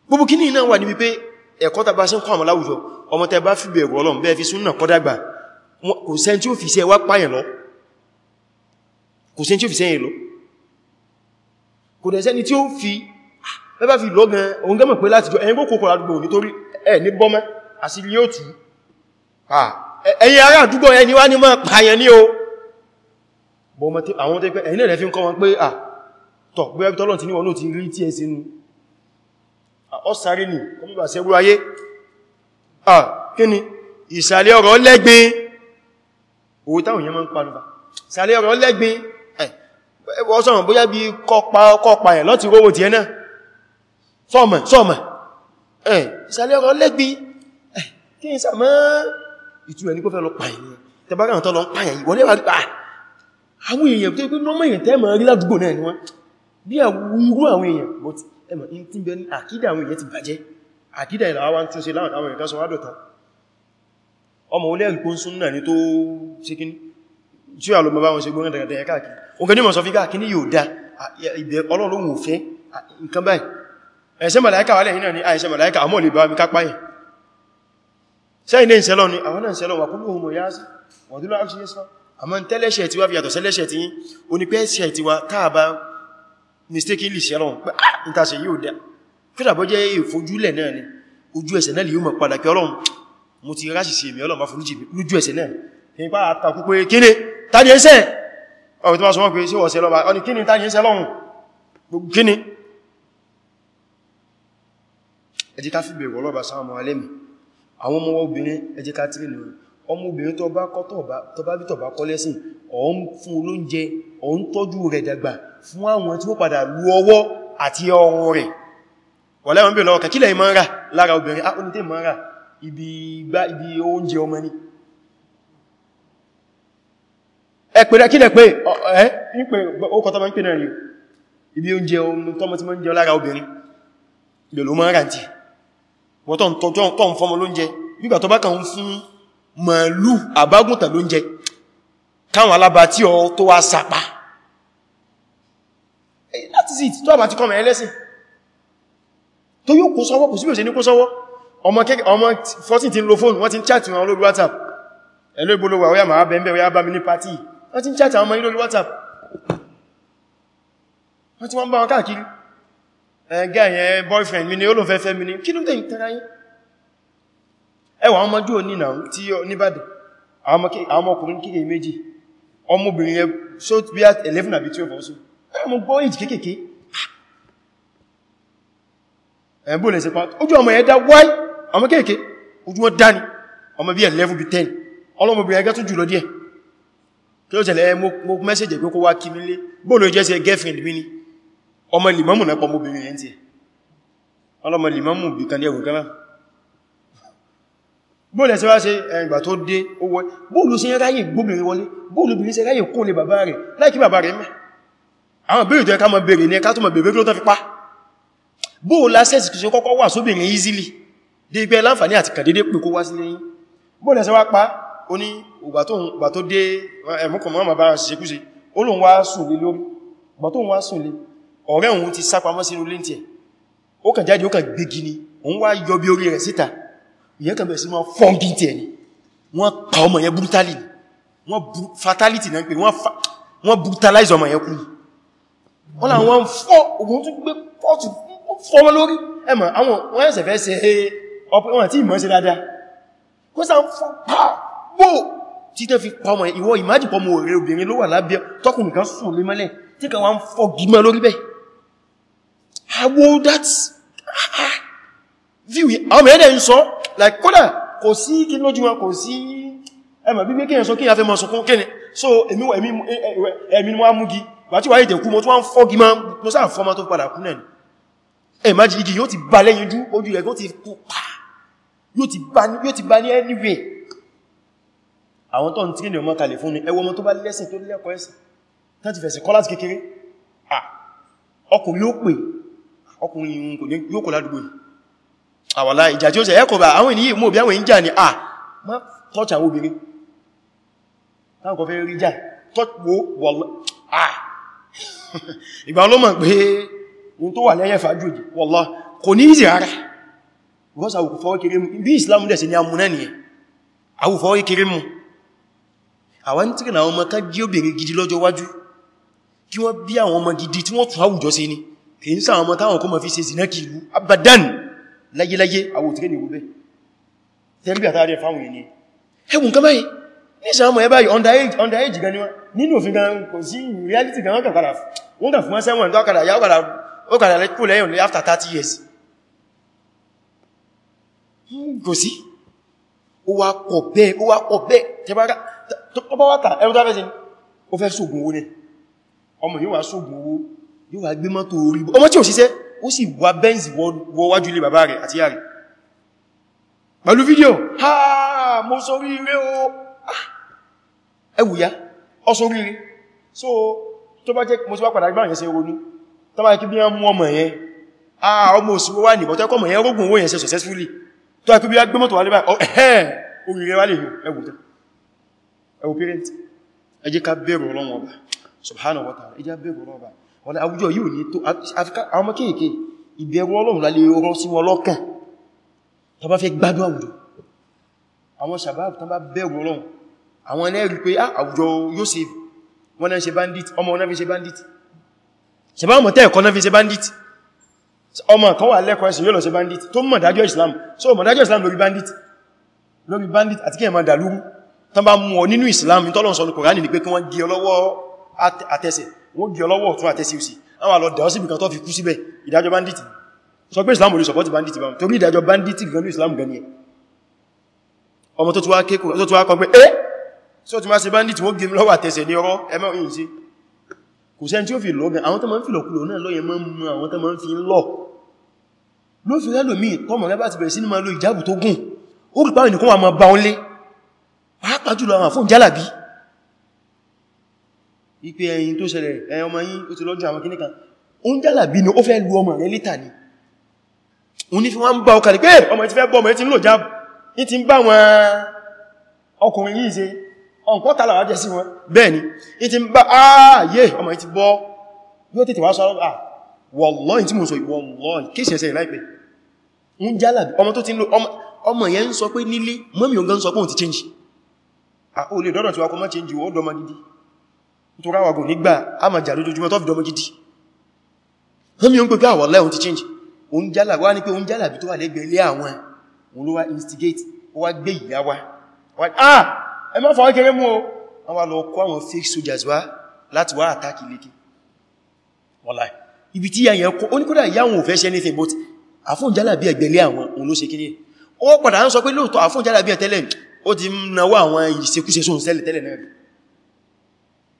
gbogbo kí ní iná wà níbi pé ẹ̀kọ́ tàbá sí ń kọ́ àmọ́ láwùjọ ọmọ tẹ tí ó fi bẹ́bá fi lọ́gan ohun gẹ́mọ̀ pé láti jọ ẹ̀yìn kó kòkòrò àdúgbò nítorí ẹ̀ ní bọ́mẹ́ àti ní òtù ẹ̀yìn ará àdúgbò ẹni wá ní mọ́ pààyàn ní o àwọn tó pẹ́ ẹ̀yìn rẹ̀ fi ń kọ́ wọn pé à tọ̀ pé ẹgbẹ́ tọ́lọ̀ tí ní ẹ ni kọmíbà sẹ́rú ayé à kí ni ìsàlẹ̀ ọ̀rọ̀ lẹ́gbin owó táwọn èèyàn máa ń panuba ìsàlẹ̀ ọ̀rọ̀ lẹ́gbin ẹ̀ wọ́n sọ̀rọ̀ bóyá bí kọpa náà sọ́ọ̀mọ̀ sọ́ọ̀mọ̀ ẹ̀ ìsàlẹ̀ ọ̀rọ̀ lẹ́gbí kí n sàmọ́ ìtù ẹni kó fẹ́ lọ pààyàn tẹbára àwọn tó lọ pààyàn ìwọ̀n lẹ́wà rí pàá ah, àwọn èèyàn tó gbé nọ́mọ̀ èèyàn tẹ́mọ̀ rí ládùgbò náà ni wọ́n bí àwúrú àwọn èèyàn but ẹmọ̀ in ti bẹ ní àkídà àwọn èèyàn ti bàjẹ́ àkídà ìlà wa ń tún ṣe láwọn àwọn èèyàn sọ wádọ̀ta ọmọ olè rí pọ́n sún náà ni tó ṣe kíní tí ó àlọ́mọ bá wọn ṣe gbọ́n ẹ̀ṣẹ́ màláíkà wà lẹ́yìn náà ni àìṣẹ́ màláíkà àmọ́ lè bá mi kápá yìí sẹ́yìn ní ìṣẹ́lọ ni àwọn náà ìṣẹ́lọ wà kúrò ohun mọ̀ yá sí wọ̀dúnlọ́ àṣíyẹ́sọ́ àmọ́ tẹ́lẹ́ṣẹ̀ tí wá fi yàtọ̀ sẹ́lẹ́ṣẹ̀ tí ó ní pé ẹ̀ṣẹ̀ tí wá ah, ni ojú ẹsẹ̀ náà lè yóò mọ̀ padà kí Ọlọ́run mo ti ráṣì sí èmi Ọlọ́run bá forújì mi lójú ẹsẹ̀ náà ní ni ẹ̀ṣẹ̀ ọ̀rọ̀ tó bá ẹ jẹ́ ká fi bẹ̀rù ọlọ́ba sáwọn alẹ́mì àwọn ọmọ obìnrin ẹ jẹ́ ká tí nínú ọmọ obìnrin tó bá kọ́ tó bá bí tó bá kọ́ lẹ́sìn ọ̀n fún olóúnjẹ ọ̀n tọ́jú rẹ̀ dàgbà fún àwọn tí ó padà lu ọwọ́ àti ọrùn rẹ̀ wà ah oníté ibi gbá ibi oúnjẹ ọmọ ni ẹ pẹ̀lẹ̀ kílẹ̀ pé ẹ́ tọ́mọ́ ibi oúnjẹ ọmọ tọ́mọ́ tí mọ́ ń jẹ lára obìnrin ìdòlò mọ́ rántí wọ́n tó ń tọ́jọ́ tó ń fọmọ lóúnjẹ nígbà tó bá kàn ń fún màálù àbágùntà lóúnjẹ káwọn alába tí ọ tó wá sàpá láti sí tó àbá ti kọ́ mẹ́rin lẹ́sìn tó yóò kó sọ́wọ́ kò sí ní kó sọ́wọ́ ọmọ 14 ẹgbẹ́ yẹn boyfriend mi ni ó lò fẹ́ fẹ́ mi ni kí ló tẹ́yìn tẹ́ra yín ẹwà ọmọ jù ní nà tí ó níbàdì àwọn ọkùnrin kéèkéé méjì ọmọbìnrin yẹn so bí at 11 àbí 12 ọ̀sọ́ ọmọ gbọ́ èjì kéèkéé ẹ̀bù lè sepa ojú ọmọ ẹ̀dá wáyé ọmọ kéèkéé ó tẹ̀lẹ̀ mo mẹ́sẹ̀jẹ̀ pé kó wá kí mi bóòlù ìjẹ́sẹ̀ girlfriend mi ni ọmọ limamu na pọmọ obìnrin yẹn tí ẹ ọlọ́mọ limamu bí kan lẹ́wọ̀n kan náà bóòlù ẹ̀sẹ̀ wá ṣe ẹgbà tó dé owó bóòlù sí ráyè gbóbìnrin wọlé bóòlù bí sí ráyè kún lè bàbá rẹ̀ láìkí bàbá rẹ̀ mẹ́ àwọn bèèrè tó ẹka mọ bèèrè ní ẹka tó mọ bèèrè kí ló tán fi pa bóòlù asẹ́sì kìí ṣe kọ́kọ́ wà sóbìnrin easily dé ibẹ̀ láǹfààní àti kàdédé pè kó ọ̀rẹ́ òun ti sápamọ́ sínú lẹ́ntì ẹ̀ ó kàn jáde ó kàn gbégi ni òun wá yọ bí orí rẹ̀ síta ìyẹn kàn bẹ̀rẹ̀ sí máa fọ́n bí tẹ̀ ni wọ́n ka ọmọ yẹn brutally wọ́n fatality náà pé wọ́n brutalize ọmọ yẹn kú wọ́n làwọn fọ́ ogun tún gbé pọ́ọ̀tù fọ́mọ́ lórí ẹmọ̀ àwọn wọ́n ẹ̀sẹ̀ fẹ́ ṣe eh, ọpẹ́ wọn tí ìmọ̀ sí dáadáa kó sáà fọ́ pàbó títẹ́ fi pàmọ̀ ìwọ ìmájìpọ̀mọ̀ òrèrè obìnrin ló wà lábẹ́ tọ́kùnrin kan sùn lé mọ́lẹ̀ tí kan wá ń fọ́ gímọ́ lórí bẹ́ẹ̀ àwọ that ah, ah. view àwọn mẹ́rẹ̀ in so. like kódà kò sí kí lójú wọn kò sí ẹmà bí kéèyàn sọ so. fẹ́ mọ́ sọkún kéèyàn so so, èmi èmi wọ́n múgi bàtí wáyé ìdẹ̀kú mọ́ tó wọ́n fọ́gi máa mọ́ sáà fọ́má tó padà kún nẹ̀ni ẹ̀má jí igi yóò ti bá lẹ́yìn jú ojú rẹ̀ yóò ti kú pa yóò ti bá ní anyway àwọn tó ń tí ní ọmọ kalẹ̀ fún ni ẹwọ ọmọ tó bá lẹ́sìn tó lẹ́kọ̀ẹ́sìn tán ti fẹ̀sìn kọ́ láti kékeré ọkùnrin ó pè ọkùnrin ìhun kò ní yóò kò ládùgbò àwàlá ah, ìjà tí ó sẹ̀ ẹ́kọ̀ọ́bà àwọn ènìyàn mọ̀ bí àwọn ènìyàn jà ní à ah, má tọ́ọ̀tì àwọn obìnrin táwọn kan fẹ́ rí jà tọ́pọ̀ wọ́lá àà ìgbà ọlọ́mọ̀ pé ohun tó wà lẹ́yẹ fàájú ìdí wọ́lá kò ní ni àwùfọ́wọ́ kiri mú àwọn tí kìnnà àwọn ọmọ ká jí obìnrin gidi lọ́jọ́ wájú kí wọ́n bí àwọn ọmọ gidi tí wọ́n tún àwùjọ sí ni kìí sáwọn ọmọ táwọn kó mọ̀ fi ṣe zina kí abadan láyéláyé àwòtíké ní gbogbo tẹ́lbí àtàrí fáwọn ènìyàn ẹwùn kama yìí ní sáwọn ọmọ ẹbá underage gan níwá nínú òfin gan kò sí reality gan wọ́n kàkàrà wọ́n kà fún ẹ́sẹ́wọ̀n tó àkàrà yà ó after 30 years kò sí ó wá pọ̀ bẹ́ẹ̀ ó wá pọ̀ bẹ́ẹ̀ tẹ́bára tó pọ́ wátà ẹrù yóò wà gbé mọ́tò orí ọmọ tí ò ṣiṣẹ́ ó sì wà Benz wọ wájú ilé bàbá rẹ̀ àti yàrí pẹ̀lú fídíò ha mo sórí rẹ̀ o ah, ẹwùyá ọ sórí rẹ̀ so tó bá jẹ́ mo ti wá padà gbáyẹ̀ sí ronú tó bá kí bí wọ́n mú ọmọ yẹn ah ọmọ òsì wá nìbọ̀ tó ẹkọ́ mọ̀ yẹn rógùn owó yẹn ṣe successfully tó ẹkọ́ bí wá gbé mọ́tò wà lébà ẹ̀hẹ́ orí rẹ̀ wà lè yùn ẹwù tán ẹwù parent ẹ jẹ́ ká bẹ̀rù Ọlọ́run ọba subhanahu wa ta'ala ẹ jẹ́ bẹ̀rù Ọlọ́run ọba ọ̀nà àwùjọ yìí ní tó Áfíríkà àwọn ọmọ kéèkéè ìbẹ̀rù Ọlọ́run lálẹ́ oran sí wọn lọ́kàn tó bá fẹ́ gbádùn àwùjọ àwọn sàbáàbù tó bá bẹ̀rù Ọlọ́run àwọn ẹlẹ́rì pé ah, àwùjọ yóò ṣe wọ́n náà ṣe bandit ọmọ náà fi ṣe bandit ṣẹ̀bá ọmọ tẹ́ẹ̀kọ́ náà fi ṣe Islam so mọ̀ dájọ́ Islam lórí bandit lórí bandit àti kí ẹ̀ máa dàlúrú tán bá mú ọ nínú Islam tọ́lọ̀ sọ Kùránì ní pé kí wọ́n gí ọlọ́wọ́ àtẹsẹ̀ wọ́n gẹ ọlọ́wọ́ tún àtẹ́sí òsì àwọn àlọ́ dẹ̀ ọ́sìbì kan tó fi kú síbẹ̀ ìdájọ́ banditi sọ pé islam olè sọpọ́tì banditi bá torí ìdájọ́ banditi gan ní islam gan ní ẹ ọmọ tó tún wá kékùn tó tún wá kọ pé eh so tí ma ṣe banditi wọ́n gẹ lọ́wọ́ àtẹ́sẹ̀ ní ọrọ́ ẹmọ́ yìí sí kò sẹ́ni tí ó fi lọ gan àwọn tó ma ń fi lọ̀kulọ̀ náà lọ́yẹ mọ́ mú àwọn tó ma ń fi lọ ló fi rẹ́ lòmí tọ́mọ̀ rẹ́ bá ti bẹ̀rẹ̀ sí ní ma lo ìjábù tó gùn ó rí páwọn ènìyàn kan wà ma ba ọ́n lé pàápàá jùlọ àwọn àfóhùn jálàbí ipe ẹ̀yin tó ṣẹlẹ̀ ẹ̀yin ọmọ yín ó ti lọ́jọ́ àwọn kìnnì kan ó ń jálà bí ní ó fẹ́ lu ọmọ rẹ̀ lítà ní òun ní fi wọ́n ń bá ọkàlì pé ọmọ ti fẹ́ bọ́ ọmọ ti ń lò jáàbù ní ti ń bá wọn ọkùnrin yìí ṣe ọ̀nkọ́ tààlà wájẹ́ sí wọn bẹ́ẹ̀ ni ní ti ń bá ààyè ah, ọmọ ti bọ́ yóò tètè wá sọ ọ́ ah, wọ́lọ́yìn tí mo sọ ìwọ́lọ́yìn kí ṣe ẹ̀sẹ̀ ìláìpẹ́ ń jálà ọmọ tó ti ń lò ọmọ yẹn ń sọ pé nílé mọ́mí ọgán sọ pé òun ti change à ah, ó lè dọ́dọ̀ tí wá tó ráwàgùn nígbà a ma jà lójoojúmọ́ tó fi dọmọ gidi ah, change o ń jálà wá ní pé o ń jálà instigate ó wá gbé ìyá ah ẹ má fọwọ́ kéré mú o wọ́n wá lọ kó àwọn fake soldiers wá láti wá àtàkì lékè wọ́lá ibi tí ìyá yẹn kó ó ní fẹ́ ṣe anything but àfún jálà bí ẹgbẹ̀lé àwọn òun ló ṣe kí ní ó padà ń sọ pé lóòtọ́ àfún jálà bí ẹ tẹ́lẹ̀ ó ti náwó àwọn ìṣekúṣe sẹ́lẹ̀ tẹ́lẹ̀ náà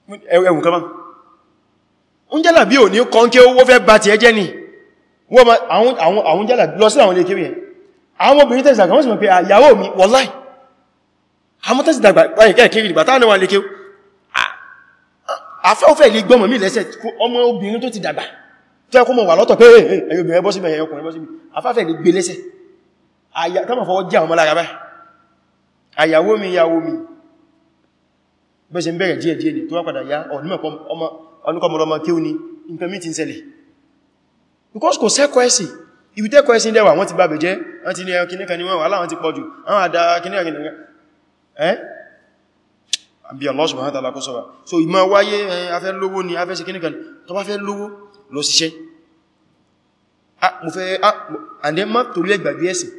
ẹwùn kama ń jẹ́là bí o ní kọ́nkẹ́ owó fẹ́ bá ti ẹjẹ́ ni àwọn jẹ́là lọ sí àwọn ilé kéwì ẹ̀ àwọn obìnrin tẹ́sì àgbà wọ́n sì mọ̀ pé àyàwó ah, mi wọ́láì àwọn tẹ́sì dàgbà ẹ̀kẹ́ kéwì ìgbà táwọn wà ah, lè kéwì afẹ́ọ̀fẹ́ ilé gbọ́mọ̀ mí lẹ́sẹ̀ ọmọ obìnrin tó ti dàgbà tó ẹkún mọ̀ wà lọ́tọ̀ pé eh, eh, eh, ẹ̀yọ́ obìnrin bọ́ sí mẹ́yẹ ọkùnrin bọ́ sí mi afẹ́fẹ́ ilé gbé lẹ́sẹ̀ àyàwó mi ìyàwó mi bẹ́ẹ̀ ṣe ń bẹ̀rẹ̀ díẹ̀ díẹ̀ tó wá padà yá ọ̀nìkọmọlọmọ kí ó ní nǹkan mí ti ń ṣẹlẹ̀ because kò sẹ́kọ̀ ẹ̀sì ibi tẹ́kọ̀ ẹ̀sì dẹ̀wà wọ́n ti bá bẹ̀jẹ́ wọ́n ti ní ẹran ni wọ́n wà láwọn ti pọ̀ jù àwọn àdá kìnnìkan kìnnìkan ẹ́ àbí Allah subhanahu so ìmọ̀ wáyé afẹ́ lówó ni afẹ́ ṣe kìnnìkan tó bá fẹ́ lówó lọ ṣiṣẹ́ àndẹ́ má torí ẹgbàgbé ẹ̀sìn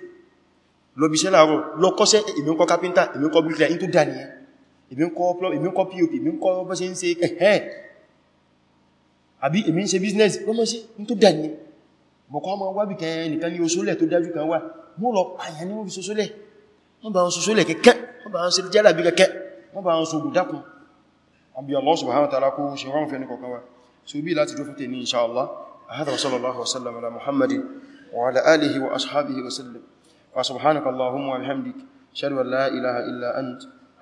lọ bí iṣẹ́ láàárọ̀ lọ kọ́ṣẹ́ èmi ń kọ́ kápíntà èmi ń èmi ń kọ́ pop èmi ń kọ́ pop èmi ń kọ́ bọ́ ṣe ń ṣe ẹ̀hẹ́ àbí èmi ń ṣe business ló mọ́ sí ní tó dẹ̀ni mọ̀kọ́ ọmọ wábì kan nìkan ní oṣólẹ̀ tó dájú kan wà mú lọ àyàn ní wọ́n fi ṣoṣólẹ̀ wọ́n bá wọn ṣoṣólẹ̀ kẹ́kẹ́ wọ́n bá wọn ṣe jẹ́là bí kẹ́kẹ́ wọ́n bá wọn ṣogun dákun àbí Allah subhanahu wa ta'ala kó ṣe wọ́n fẹ́ ní